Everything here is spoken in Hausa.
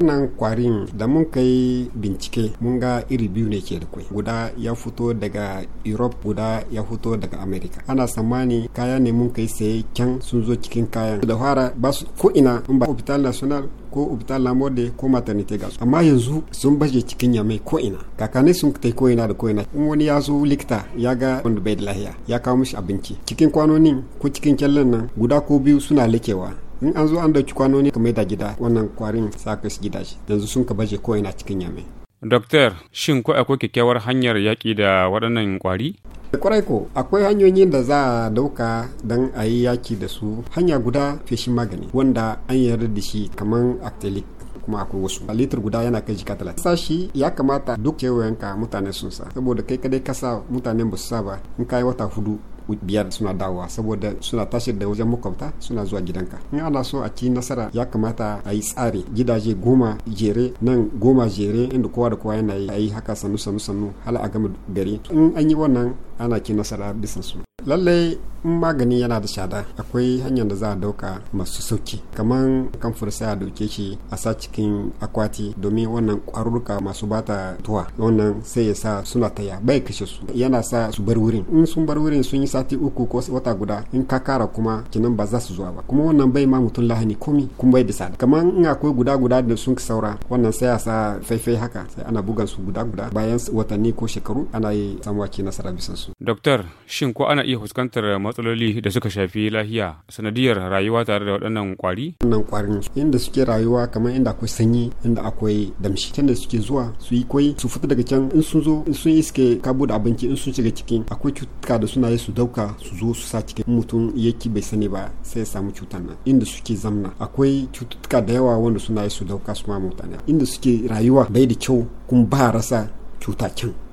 wannan kwarin da mun kai bincike mun ga iri biyu ne ke da kwai guda ya fito daga europe guda ya fito daga america ana tsammani kaya ne mun kai saye can sun zo cikin kayan da fara ba su ko ina in ba hospital national ko hospital lamode ko maternity gas amma yanzu sun baje cikin yamai ko ina kakane sun kai ko ina da ko ina in wani ya zo likita ya ga wanda bai da lahiya ya kawo mishi abinci cikin kwanonin ko cikin kyallan nan guda ko biyu suna likewa in an zo an dauki kwanoni ka maida gida wannan kwarin sa ka su gidaje yanzu sun ka baje ko ina cikin yame Doktor, shin ko akwai kyakkyawar hanyar yaƙi da waɗannan kwari kwarai ko akwai hanyoyin da za a dauka don a yi yaki da su hanya guda feshin magani wanda an yarda da shi kamar actelic kuma akwai wasu a litir guda yana kai jika talatin sashi ya kamata duk kewayenka mutane sun sa saboda kai kadai kasa mutanen ba su sa ba in kayi wata hudu biyar suna dawowa saboda suna tashi da wajen makwabta suna zuwa gidanka in ana so a ci nasara ya kamata a yi tsari gidaje goma jere nan goma jere inda kowa da kowa yana yi haka sannu sannu sannu hala a gama gari in an yi wannan ana ci nasara bisa su lallai magani yana da shada akwai hanyar da za a dauka masu sauki kamar kamfur sai a dauke shi a sa cikin akwati domin wannan kwaruruka masu bata tuwa wannan sai ya sa suna taya bai kashe su yana sa su bar wurin in sun bar wurin sun yi sati uku ko wata guda in ka kara kuma kinan ba za su zuwa ba kuma wannan bai ma mutum lahani komi kuma bai da kamar in akwai guda guda da sun saura wannan sai a sa faifai haka sai ana bugan su guda guda bayan watanni ko shekaru ana yi samuwa ke nasara bisan su. Doktor, shin ko ana iya fuskantar matsaloli da suka shafi lahiya sanadiyar rayuwa tare da waɗannan kwari? Wannan kwarin inda suke rayuwa kamar inda akwai sanyi inda akwai damshi can da suke zuwa su yi su fita daga can in sun zo in sun yi suke kabo da abinci in sun shiga cikin akwai cututtuka da suna yi su dauka su zo su sa cikin mutum ki bai sani ba sai ya samu cutar nan inda suke zamna akwai cututtuka da yawa wanda suna yi su dauka su ma mutane inda suke rayuwa bai da kyau kuma ba rasa cuta can